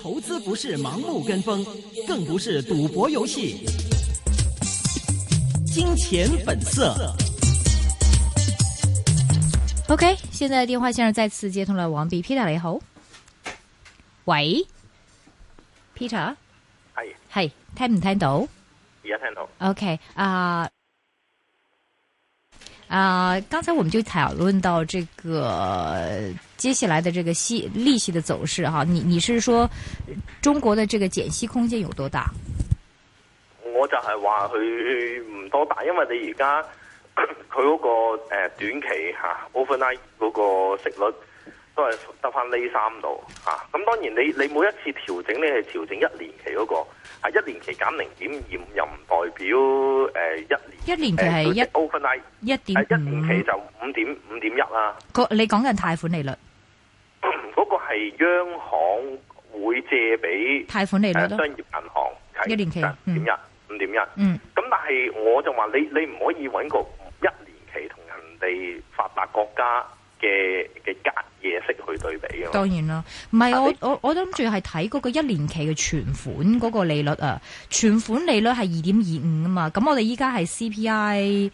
投資不是盲目跟風，更不是賭博遊戲。金錢本色。OK，現在電話線上再次接通了王弼 Peter 雷猴。喂，Peter，係，係，聽唔聽到？而家聽到。OK，啊啊，剛才我們就討論到這個。接下來的這個息利息的走勢哈，你你是說中國的這個減息空間有多大？我就係話佢唔多大，因為你而家佢嗰個誒短期吓、啊、overnight 嗰個息率都係得翻呢三度吓。咁、啊嗯、當然你你每一次調整你係調整一年期嗰、那個，係一年期減零點二五又唔代表誒一、呃、年期誒、呃、overnight 一點一年期就五點五點一啦。個你講緊貸款利率。而央行會借俾貸款利率、呃，商業銀行一年期點一五點一，嗯。咁、嗯、但係我就話你你唔可以搵個一年期同人哋發達國家嘅嘅隔夜息去對比啊。當然啦，唔係我我我諗住係睇嗰個一年期嘅存款嗰個利率啊，存款利率係二點二五啊嘛。咁我哋依家係 CPI。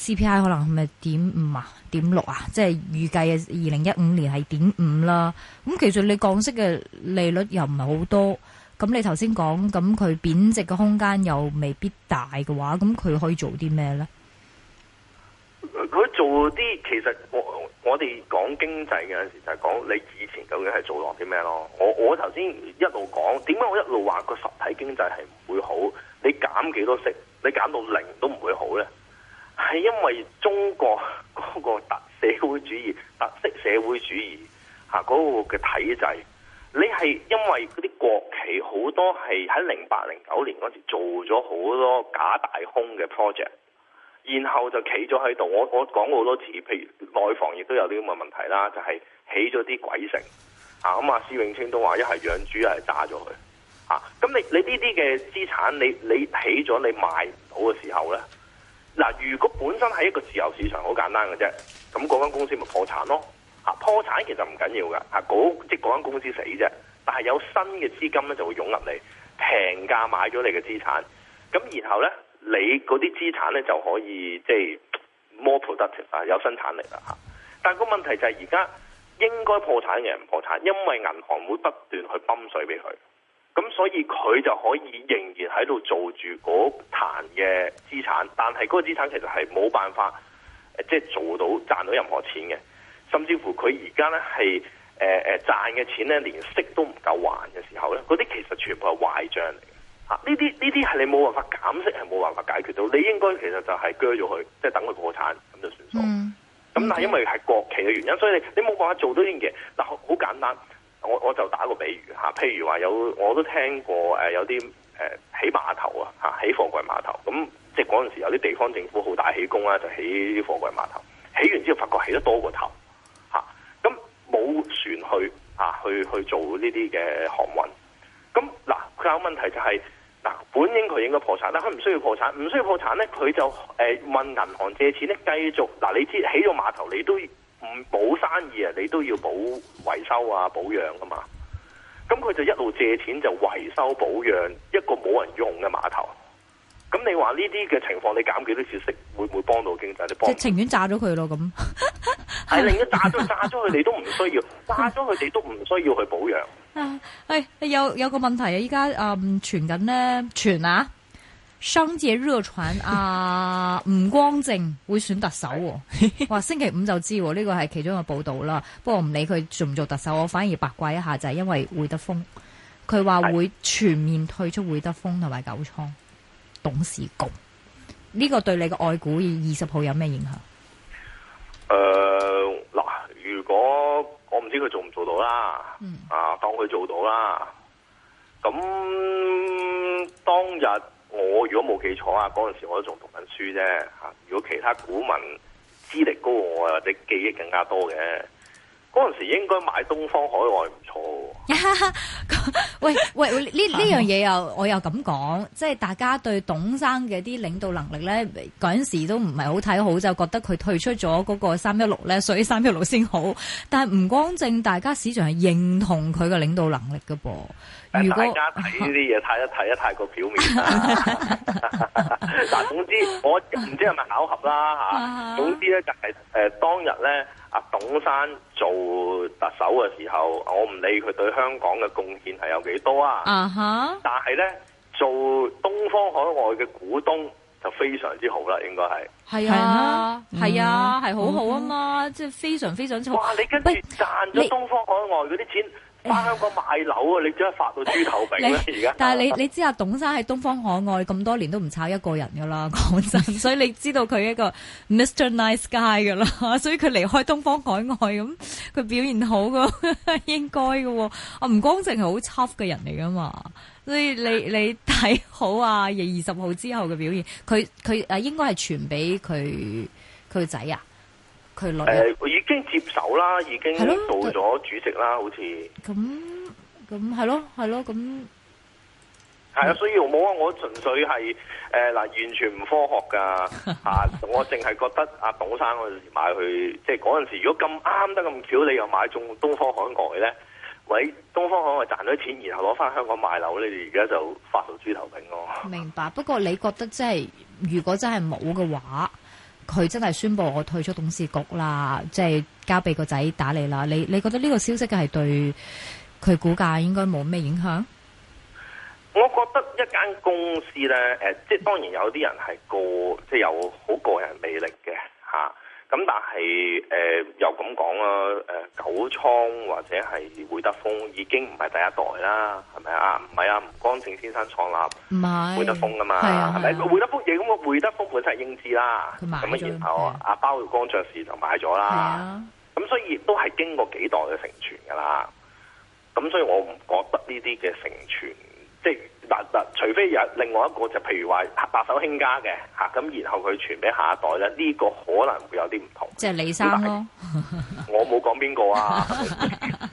CPI 可能係咪點五啊、點六啊？即係預計啊，二零一五年係點五啦。咁其實你降息嘅利率又唔係好多，咁你頭先講咁佢貶值嘅空間又未必大嘅話，咁佢可以做啲咩呢？佢做啲其實我我哋講經濟嘅陣時就係講你以前究竟係做落啲咩咯？我我頭先一路講，點解我一路話個實體經濟係唔會好？你減幾多息，你減到零都唔會好呢？係因為中國嗰個特社會主義、特色社會主義吓嗰、那個嘅體制，你係因為嗰啲國企好多係喺零八零九年嗰時做咗好多假大空嘅 project，然後就企咗喺度。我我講過好多次，譬如內房亦都有啲咁嘅問題啦，就係起咗啲鬼城啊。咁啊，施永青都話一係養豬，一係炸咗佢啊。咁你你呢啲嘅資產，你你起咗你賣唔到嘅時候咧？嗱，如果本身係一個自由市場，好簡單嘅啫，咁嗰間公司咪破產咯？嚇，破產其實唔緊要嘅，嚇，即係嗰間公司死啫，但係有新嘅資金咧就會湧入嚟，平價買咗你嘅資產，咁然後咧你嗰啲資產咧就可以即係 more productive，啊、就是、有生產力啦嚇。但係個問題就係而家應該破產嘅人唔破產，因為銀行會不斷去泵水俾佢。咁所以佢就可以仍然喺度做住嗰壇嘅資產，但係嗰個資產其實係冇辦法，即係做到賺到任何錢嘅。甚至乎佢而家呢係誒誒賺嘅錢呢，連息都唔夠還嘅時候呢，嗰啲其實全部係壞帳嚟嘅嚇。呢啲呢啲係你冇辦法減息，係冇辦法解決到。你應該其實就係鋸咗佢，即係等佢破產咁就算數。咁，mm -hmm. 但係因為係國企嘅原因，所以你你冇辦法做到呢啲嘢。嗱，好簡單。我我就打個比喻譬如話有我都聽過誒，有啲誒、呃、起碼頭啊起貨櫃碼頭咁，即係嗰時時有啲地方政府好大起工啊，就起貨櫃碼頭，起完之後發覺起得多過頭嚇，咁、啊、冇船去啊去去做呢啲嘅航運，咁嗱佢有問題就係、是、嗱，本應佢應該破產，但佢唔需要破產，唔需要破產咧，佢就誒、呃、問銀行借錢咧，繼續嗱你知起咗碼頭你都。唔保生意啊，你都要保維修啊保養噶嘛，咁佢就一路借錢就維修保養一個冇人用嘅碼頭，咁你話呢啲嘅情況你減幾多利息會唔會幫到經濟？你幫到，情願炸咗佢咯咁，係寧願炸咗炸咗佢，你都唔需要炸咗佢，你都唔需要去保養。誒、 哎，有有個問題、呃、啊，依家誒傳緊咧，傳啊！商界熱傳啊，吳光正會選特首、哦，話 星期五就知呢個係其中一個報道啦。不過唔理佢做唔做特首，我反而八卦一下，就係、是、因為會德豐佢話會全面退出會德豐同埋九倉董事局，呢、這個對你嘅愛股二二十號有咩影響？誒，嗱，如果我唔知佢做唔做到啦，嗯、啊，當佢做到啦，咁當日。我如果冇記錯啊，嗰陣時，我都仲讀緊書啫吓，如果其他股民資歷高我，或者記憶更加多嘅。嗰陣時應該買東方海外唔錯。 喂，喂喂，呢呢樣嘢又我又咁講，即係大家對董生嘅啲領導能力咧，嗰陣時都唔係好睇好，就覺得佢退出咗嗰個三一六咧，所以三一六先好。但係唔光正，大家市場係認同佢嘅領導能力㗎噃。如果大家睇呢啲嘢睇一睇一太過表面。但 總之我唔知係咪巧合啦嚇。總之咧就係呃、當日咧。董生做特首嘅時候，我唔理佢對香港嘅貢獻係有幾多啊，uh -huh. 但係呢，做東方海外嘅股東就非常之好啦，應該係係啊，係啊，係、嗯、好、啊嗯、好啊嘛，即、嗯、係、就是、非常非常之好。你跟住賺咗東方海外嗰啲錢。翻香港買樓啊！你真係發到豬頭餅咧而家。但係你你知阿董生喺東方海外咁多年都唔炒一個人噶啦，講真。所以你知道佢一個 Mr Nice Guy 噶啦。所以佢離開東方海外咁，佢表現好噶，應該噶。阿吳光正係好 tough 嘅人嚟噶嘛。所以你你睇好啊，二十二號之後嘅表現。佢佢誒，佢應該係傳俾佢佢仔啊，佢女啊。呃已經接手啦，已經做咗主席啦，好似咁咁係咯，係咯，咁係啊！所以我冇、呃、 啊，我純粹係誒嗱，完全唔科學噶吓，我淨係覺得阿董生嗰陣時買去，即係嗰陣時如果咁啱得咁巧，你又買中東方海外咧，喂，東方海外賺咗錢，然後攞翻香港買樓，你哋而家就發到豬頭炳咯、啊。明白，不過你覺得即係如果真係冇嘅話？佢真係宣布我退出董事局啦，即係交俾個仔打理啦。你你覺得呢個消息嘅係對佢股價應該冇咩影響？我覺得一間公司咧，誒，即係當然有啲人係個，即係有好個人魅力嘅。咁但係，誒、呃、又咁講啦，誒、呃、九倉或者係匯德豐已經唔係第一代啦，係咪啊？唔係啊，吳光正先生創立匯德豐啊嘛，係咪、啊？匯、啊啊、德豐嘢咁，匯德豐本身係英資啦，咁啊，然後阿、啊啊、包玉剛爵士就買咗啦，咁、啊、所以都係經過幾代嘅承傳噶啦。咁所以我唔覺得呢啲嘅承傳，即係。除非有另外一個就譬如話白手興家嘅嚇，咁然後佢傳俾下一代咧，呢、這個可能會有啲唔同。即係李生咯，我冇講邊個啊？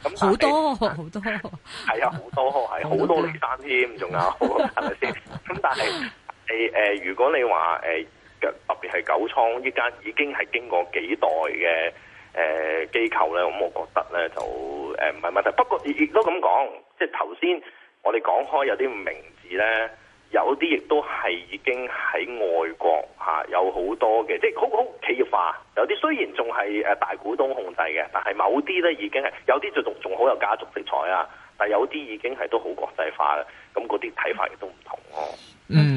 咁好多好多，係 啊，好多係好、 啊、多李生添，仲、 啊、 有係咪先？咁 但係誒誒，如果你話誒、呃、特別係九倉呢間已經係經過幾代嘅誒、呃、機構咧，咁我覺得咧就誒唔係問題。不過亦都咁講，即係頭先。我哋講開有啲名字呢，有啲亦都係已經喺外國吓、啊，有好多嘅，即係好好企業化。有啲雖然仲係誒大股東控制嘅，但係某啲呢已經係，有啲就仲仲好有家族色彩啊。但係有啲已經係都好國際化嘅，咁嗰啲睇法亦都唔同咯、啊。嗯。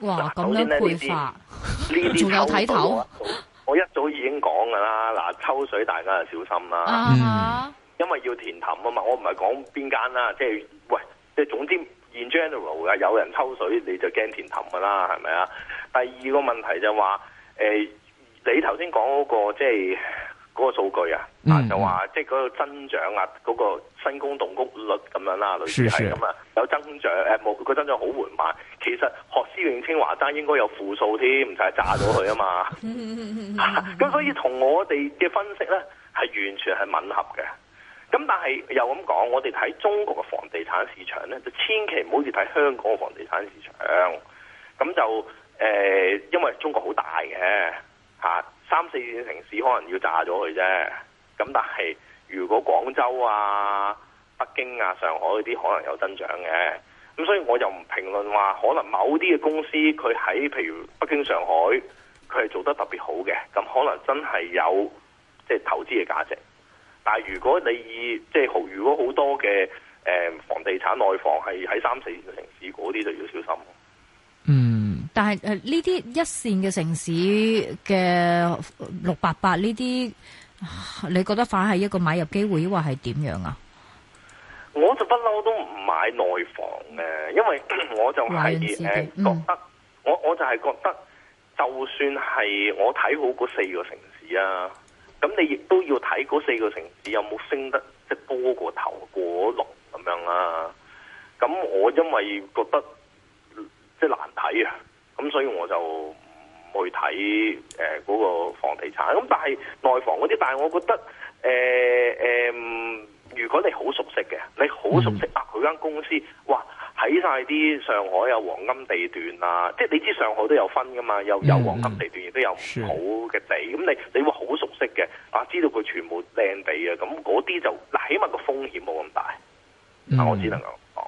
哇！咁樣配法，呢啲，仲有睇頭。我一早已經講噶啦，嗱，抽水大家就小心啦、嗯。因為要填氹啊嘛，我唔係講邊間啦，即係喂，即係總之 in general 噶，有人抽水你就驚填氹噶啦，係咪啊？第二個問題就話，誒、呃，你頭先講嗰個即係。就是嗰、那個數據啊，嗯、啊就話即係嗰個增長啊，嗰、那個新工動工率咁樣啦、啊，類似係咁啊，有增長，誒冇個增長好緩慢。其實學思永清華爭應該有負數添，唔使炸咗佢啊嘛。咁 所以同我哋嘅分析呢，係完全係吻合嘅。咁但係又咁講，我哋睇中國嘅房地產市場呢，就千祈唔好似睇香港嘅房地產市場。咁就、呃、因為中國好大嘅三四線城市可能要炸咗佢啫，咁但係如果廣州啊、北京啊、上海嗰啲可能有增長嘅，咁所以我又唔評論話可能某啲嘅公司佢喺譬如北京、上海佢係做得特別好嘅，咁可能真係有即係投資嘅價值。但係如果你以即係好，如果好多嘅誒房地產內房係喺三四線城市嗰啲就要小心。但係誒、呢啲一線嘅城市嘅六八八呢啲，你覺得反而係一個買入機會，抑或係點樣啊？我就不嬲都唔買內房嘅，因為我就係誒覺得，嗯、我我就係覺得，就算係我睇好嗰四個城市啊，咁你亦都要睇嗰四個城市有冇升得即係、就是、多過頭多過隆咁樣啊？咁我因為覺得即係、就是、難睇啊！咁所以我就唔去睇誒個房地產，咁但係內房嗰啲，但係我覺得誒誒、呃呃、如果你好熟悉嘅，你好熟悉、嗯、啊佢間公司，哇，喺晒啲上海有黃金地段啊，即係你知上海都有分噶嘛，又有，有黃金地段亦都有唔好嘅地，咁、嗯、你你會好熟悉嘅，啊，知道佢全部靚地啊，咁嗰啲就嗱，起碼個風險冇咁大，我只能夠講。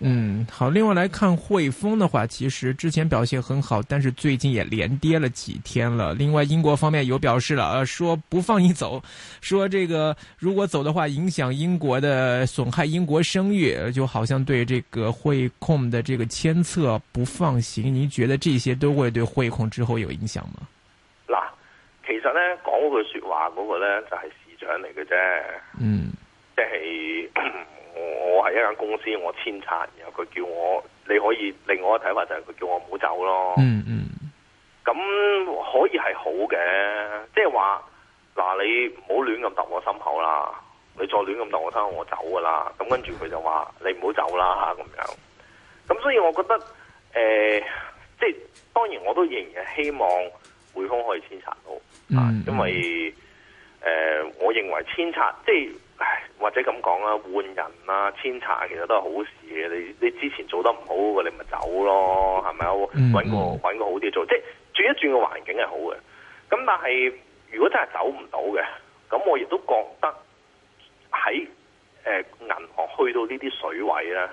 嗯。啊。好，另外來看匯豐的話，其實之前表現很好，但是最近也連跌了幾天了。另外，英國方面有表示了，呃，說不放你走，說這個如果走的話，影響英國的，損害英國聲譽，就好像對這個匯控的這個監測不放行。您覺得這些都會對匯控之後有影響嗎？嗱，其實呢，講句說話，嗰個呢，就係市場嚟嘅啫，嗯，即係，就係。咳咳我係一間公司，我遷冊，然後佢叫我，你可以另外一個嘅睇法就係佢叫我唔好走咯。嗯嗯，咁可以係好嘅，即係話嗱，你唔好亂咁揼我心口啦，你再亂咁揼我心口，聽我走噶啦。咁跟住佢就話你唔好走啦吓，咁樣。咁所以我覺得誒、呃，即係當然我都仍然係希望匯豐可以遷冊到，嗯、因為誒、嗯呃，我認為遷冊即係。或者咁講啦，換人啊，遷冊其實都係好事嘅。你你之前做得唔好嘅，你咪走咯，係咪啊？揾、嗯、個，揾個好啲做，即係轉一轉個環境係好嘅。咁但係如果真係走唔到嘅，咁我亦都覺得喺、呃、銀行去到呢啲水位咧，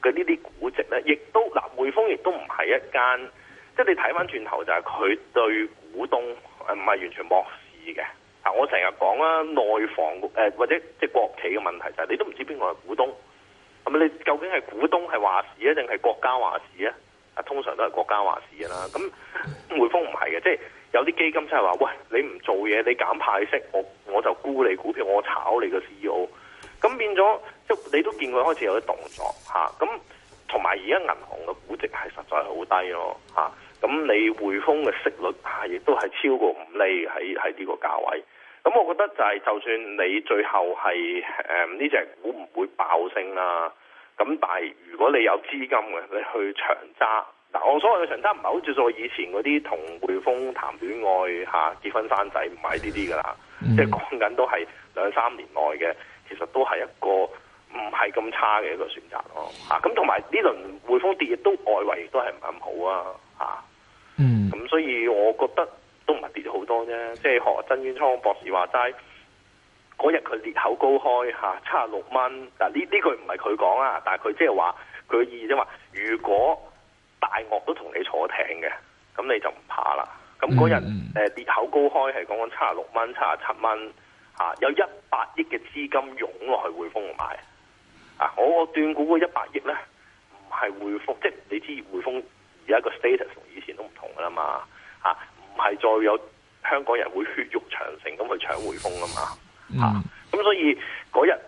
佢呢啲估值咧，亦都嗱，匯豐亦都唔係一間，即你睇翻轉頭就係佢對股東唔係完全漠視嘅。嗱、啊，我成日講啊內房誒、呃、或者即係國企嘅問題就係、是、你都唔知邊個係股東，咁你究竟係股東係話市啊，定係國家話事啊？啊，通常都係國家話事啦。咁匯豐唔係嘅，即係有啲基金真係話，喂，你唔做嘢，你減派息，我我就沽你股票，我炒你個 C E O。咁變咗即係你都見佢開始有啲動作咁，同埋而家銀行嘅估值係實在係好低咯。咁、啊、你匯豐嘅息率亦、啊、都係超過五厘喺喺呢個價位。咁我覺得就係，就算你最後係誒呢隻股唔會爆升啦、啊，咁但係如果你有資金嘅，你去長揸，嗱我所謂嘅長揸唔係好似我以前嗰啲同匯豐談戀愛嚇、啊、結婚生仔買呢啲㗎啦，即係講緊都係兩三年內嘅，其實都係一個唔係咁差嘅一個選擇咯嚇。咁同埋呢輪匯豐跌亦都外圍都係唔係咁好啊嚇。嗯。咁所以我覺得。都唔係跌咗好多啫，即係學曾淵滄博士話齋，嗰日佢裂口高開吓，七十六蚊。嗱呢呢句唔係佢講啊，但係佢即係話佢嘅意義即係話，如果大鱷都同你坐艇嘅，咁你就唔怕啦。咁嗰日誒裂口高開係講緊七十六蚊、七十七蚊吓，有一百億嘅資金湧落去匯豐度買啊！我我斷估嗰一百億呢，唔係匯豐，即係你知匯豐而家個 status 同以前都唔同噶啦嘛，吓、啊。唔係再有香港人會血肉長城咁去搶匯豐啊嘛，吓、嗯、咁、啊、所以嗰日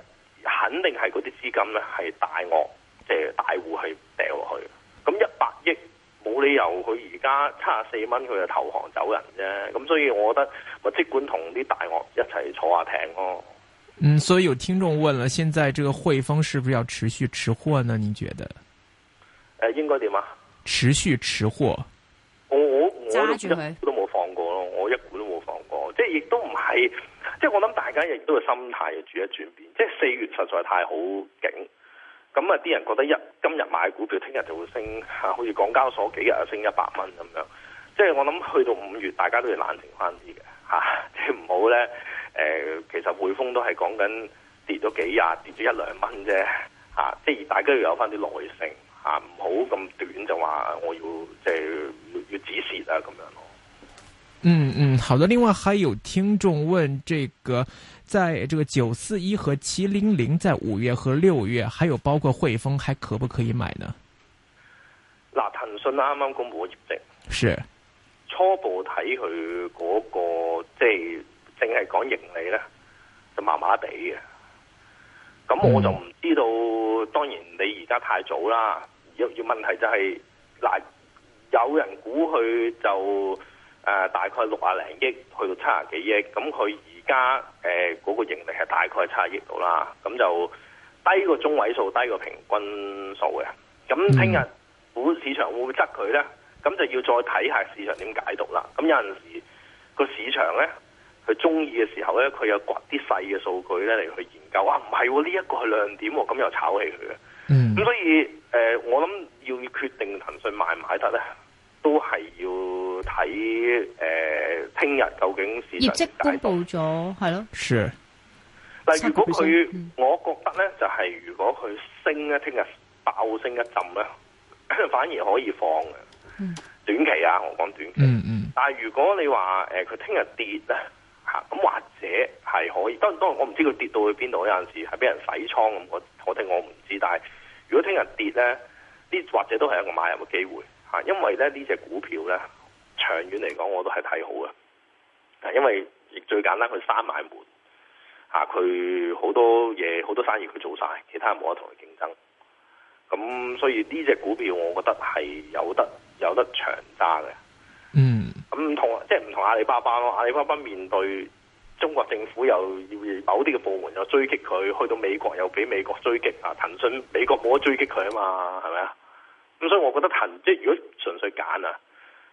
肯定係嗰啲資金咧係大鱷即係大戶去掉落去，咁一百億冇理由佢而家七十四蚊佢就投降走人啫，咁所以我覺得咪即管同啲大鱷一齊坐下艇咯、啊。嗯，所以有聽眾問啦，現在這個匯豐是不是要持續持貨呢？你覺得？誒、呃，應該點啊？持續持貨。我我我。揸住佢。亦都唔係，即係我諗大家亦都嘅心態住轉一轉變，即係四月實在太好景，咁啊啲人覺得一今日買股票，聽日就會升，吓，好似港交所幾日升一百蚊咁樣。即係我諗去到五月，大家都要冷靜翻啲嘅，吓、啊、即係唔好呢，誒、呃，其實匯豐都係講緊跌咗幾日，跌咗一兩蚊啫，吓、啊、即係大家要有翻啲耐性，吓，唔好咁短就話我要即係、就是、要止蝕啊咁樣咯嗯嗯，好的。另外還有聽眾問，這個，在這個九四一和七零零，在五月和六月，還有包括匯豐，還可不可以買呢？嗱、啊，騰訊啱、啊、啱公布業績，是初步睇佢嗰個即係淨係講盈利咧，就麻麻地嘅。咁我就唔知道、嗯，當然你而家太早啦。有要問題就係、是、嗱，有人估佢就。誒、呃，大概六啊零億去到七啊幾億，咁佢而家誒嗰個盈利係大概七十億度啦，咁就低個中位數，低個平均數嘅。咁聽日股市場會唔會執佢呢？咁就要再睇下市場點解讀啦。咁有陣時個市場呢，佢中意嘅時候呢，佢又掘啲細嘅數據呢嚟去研究。啊，唔係呢一個係亮點、哦，咁又炒起佢嘅。咁、嗯、所以誒、呃，我諗要決定騰訊買唔買得呢。都係要睇，誒、呃，聽日究竟業績公布咗，係咯。了 sure. 但係如果佢，我覺得呢就係、是、如果佢升一聽日爆升一浸呢，反而可以放嘅。Mm. 短期啊，我講短期。Mm -hmm. 但係如果你話，誒、呃，佢聽日跌啊，吓咁或者係可以，當然當然我唔知佢跌到去邊度，有陣時係俾人洗倉咁，我我聽我唔知。但係如果聽日跌呢，呢或者都係一個買入嘅機會。因為咧呢隻股票咧，長遠嚟講我都係睇好嘅。因為最簡單，佢閂埋門，佢好多嘢好多生意佢做晒，其他人冇得同佢競爭。咁所以呢隻股票我覺得係有得有得長揸嘅。嗯，咁、嗯、同即係唔同阿里巴巴咯，阿里巴巴面對中國政府又要某啲嘅部門又追擊佢，去到美國又俾美國追擊啊！騰訊美國冇得追擊佢啊嘛，係咪啊？咁、嗯、所以我覺得騰即係如果純粹揀啊，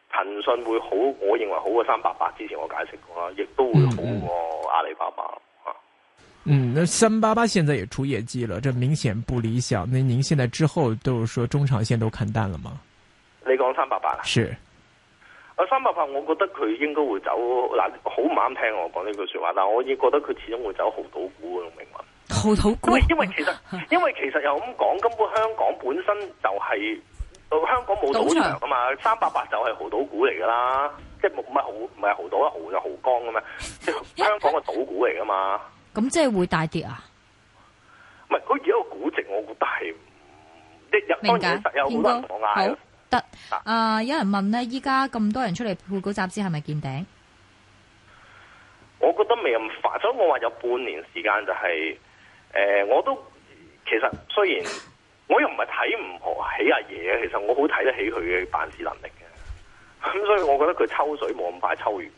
騰訊會好，我認為好過三八八。之前我解釋過啦，亦都會好過阿里巴巴。嗯，嗯嗯那三八八現在也出業績了，這明顯不理想。那您現在之後都是說中長線都看淡了嗎？你講三八八啊？是。啊，三八八，我覺得佢應該會走嗱，好唔啱聽我講呢句說話，但我亦覺得佢始終會走好多股嘅命運。我豪賭股，因為其實，因為其實又咁講，根本香港本身就係、是，香港冇賭場噶嘛，三八八就係豪賭股嚟噶啦，即係冇乜豪，唔係豪賭啊，豪就豪江 即咩，香港嘅賭股嚟噶嘛。咁即係會大跌啊？唔係，佢而家個估值，我覺得係一入，當然實有好多人同我嗌，得啊、呃，有人問咧，依家咁多人出嚟配股集資，係咪見頂？我覺得未咁快，所以我話有半年時間就係、是。誒、呃，我都其實雖然我又唔係睇唔起阿、啊、爺，其實我好睇得起佢嘅辦事能力嘅。咁、嗯、所以我覺得佢抽水冇咁快抽完嘅。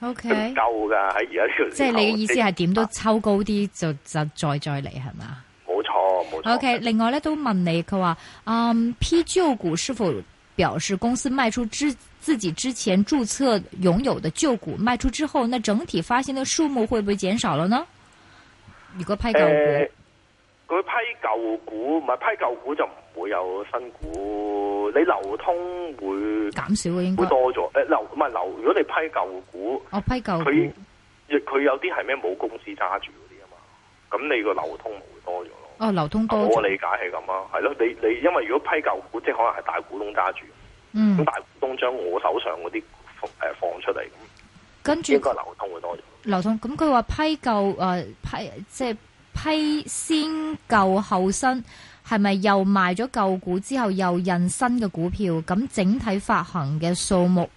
O、okay, K，夠噶，喺而家呢個時候。即係你嘅意思係點都抽高啲就、啊、就再再嚟，係咪？冇錯冇錯。O、okay, K，另外咧都問你佢話，嗯，批、呃、舊股是否表示公司賣出之自己之前注冊擁有的舊股，賣出之後，那整體發現的數目會唔會減少了呢？如果批舊股，佢、呃、批舊股唔係批舊股就唔會有新股，你流通會減少了應該會多咗。誒、呃、流唔係流，如果你批舊股，我、哦、批舊股，佢佢有啲係咩冇公司揸住嗰啲啊嘛，咁你個流通唔會多咗咯。哦，流通多了。我理解係咁啊，係咯，你你因為如果批舊股，即係可能係大股東揸住，咁、嗯、大股東將我手上嗰啲誒放出嚟。跟住流通會多咗。流通咁佢話批舊誒、呃、批即係、就是、批先舊後新，係咪又賣咗舊股之後又印新嘅股票？咁整體發行嘅數目，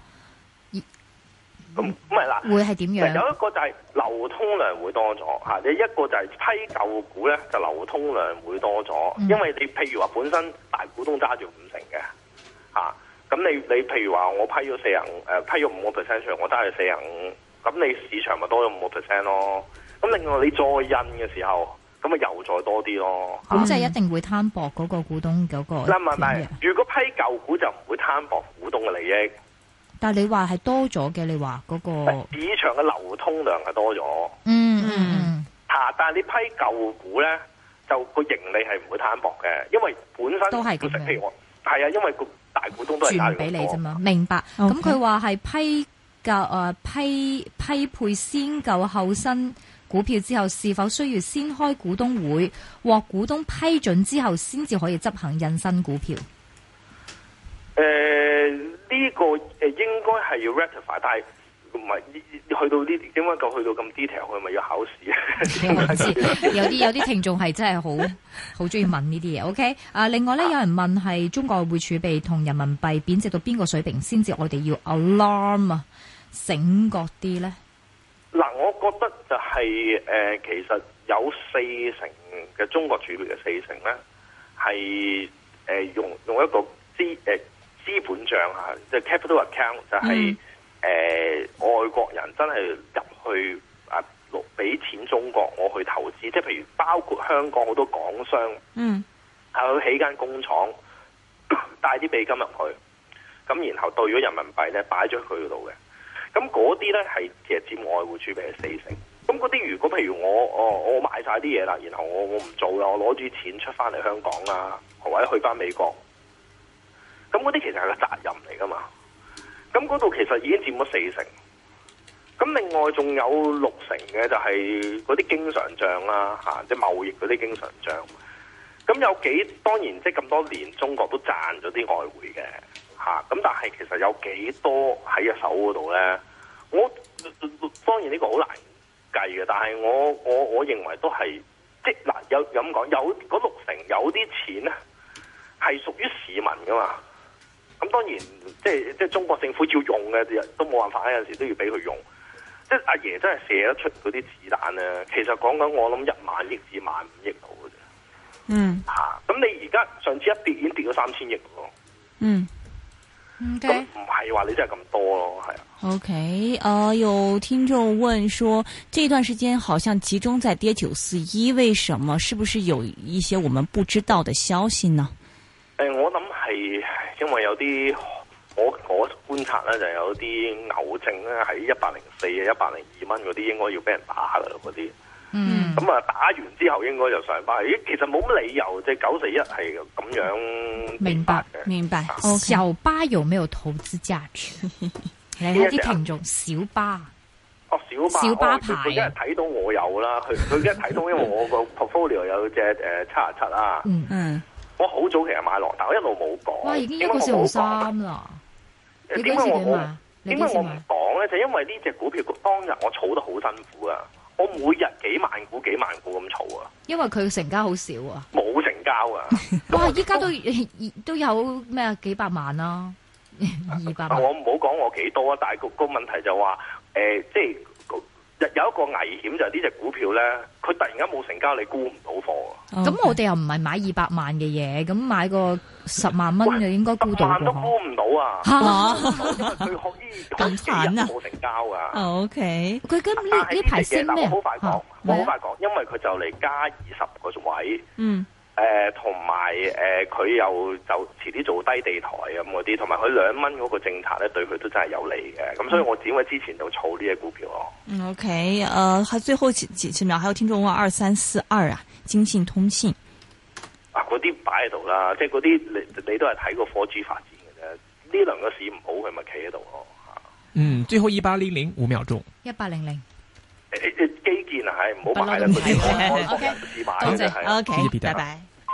咁唔係啦，會係點樣？有一個就係流通量會多咗嚇，你一個就係批舊股咧，就流通量會多咗、嗯，因為你譬如話本身大股東揸住五成嘅。咁你你譬如話我批咗四人，誒、呃、批咗五個 percent 嘅，我得係四人。咁你市場咪多咗五個 percent 咯？咁另外你再印嘅時候，咁啊又再多啲咯。咁、嗯、即係一定會攤薄嗰個股東嗰個。唔係唔係，如果批舊股就唔會攤薄股東嘅利益。但係你話係多咗嘅，你話嗰、嗰個市場嘅流通量係多咗。嗯嗯吓但係你批舊股咧，就個盈利係唔會攤薄嘅，因為本身都係譬如係啊，因為個。大股東都轉俾你啫嘛，明白？咁佢話係批夠誒，批批，批配先舊後新股票之後，是否需要先開股東會獲股東批准之後，先至可以執行認新股票？誒、呃、呢、這個誒應該係要 ratify，大唔係，去到呢點解夠去到咁 detail？佢咪要考試啊？試 有啲有啲聽眾係真係好好中意問呢啲嘢。OK 啊，另外咧、啊，有人問係中國會儲備同人民幣貶值到邊個水平先至，我哋要 alarm 啊，醒覺啲咧？嗱，我覺得就係、是呃、其實有四成嘅中國儲備嘅四成咧，係、呃、用用一個資,、呃、資本賬啊，即、就、係、是、capital account 就係、是。嗯誒、呃，外國人真係入去啊，六俾錢中國我去投資，即係譬如包括香港好多港商，嗯，係佢起間工廠，帶啲美金入去，咁然後兌咗人民幣咧，擺咗佢嗰度嘅，咁嗰啲咧係其實佔外匯儲備嘅四成，咁嗰啲如果譬如我，哦，我買晒啲嘢啦，然後我我唔做啦，我攞住錢出翻嚟香港啦、啊，或者去翻美國，咁嗰啲其實係個責任嚟噶嘛。咁嗰度其實已經佔咗四成，咁另外仲有六成嘅就係嗰啲經常帳啦，嚇，即係貿易嗰啲經常帳。咁、啊就是、有幾當然即係咁多年，中國都賺咗啲外匯嘅嚇。咁、啊、但係其實有幾多喺一手嗰度咧？我當然呢個好難計嘅，但係我我我認為都係即嗱有咁講，有，有，有嗰六成有啲錢咧係屬於市民噶嘛。咁當然，即係即係中國政府要用嘅，都冇辦法，有陣時都要俾佢用。即係阿爺真係射得出嗰啲子彈咧。其實講緊我諗一萬億至萬五億度嘅啫。嗯。吓、啊，咁你而家上次一跌已經跌咗三千億咯。嗯。咁唔係話你真係咁多咯，係啊。OK，啊，有聽眾問說，這段時間好像集中在跌九四一，為什麼？是不是有一些我們不知道的消息呢？誒、欸，我諗。因為有啲我我觀察咧，就有啲牛證咧喺一百零四啊、一百零二蚊嗰啲應該要俾人打啦嗰啲。嗯，咁、嗯、啊打完之後應該就上翻。咦，其實冇乜理由，即係九四一係咁樣。明白明白，好，啊 oh, okay. 小巴有咩有投資價值？嚟啲聽眾，小巴，哦，小巴，小巴牌，佢梗係睇到我有啦，佢佢梗係睇到，因為我個 portfolio 有隻誒七七啊，嗯嗯。我好早其實買落，但我一路冇講。哇！已經一個小時三啦，你幾時買啊？點解我唔講咧、呃，就是、因為呢隻股票當日我炒得好辛苦啊！我每日幾萬股、幾萬股咁炒啊！因為佢成交好少啊，冇成交啊！ 哇！依家都都有咩幾百萬啊，二百萬、呃。我唔好講我幾多啊，但係個個問題就話、是、誒、呃，即係。有一個危險就係呢隻股票咧，佢突然間冇成交，你沽唔到貨。咁、哦、我哋又唔係買二百萬嘅嘢，咁買個十萬蚊就應該沽到嘅。萬都沽唔到啊！吓、啊，佢、啊、 可以咁慘、哦 okay、啊？冇成交啊！O K，佢今呢呢排升咩？好快講，我好快講，因為佢就嚟加二十個位。嗯。誒、呃，同埋誒，佢、呃、又就遲啲做低地台咁嗰啲，同埋佢兩蚊嗰個政策咧，對佢都真係有利嘅。咁、嗯、所以我點解之前都儲呢隻股票咯？嗯，OK，誒、呃，最後幾幾幾秒，還有聽眾問二三四二啊，京信通信。啊，嗰啲擺喺度啦，即係嗰啲你你都係睇個火珠發展嘅啫。呢輪嘅市唔好，佢咪企喺度咯。嗯，最後一八零零五秒鐘。一八零零。欸、基建啊，係唔？哦哦 okay, okay, okay, 好買啦，唔好買好好好好好好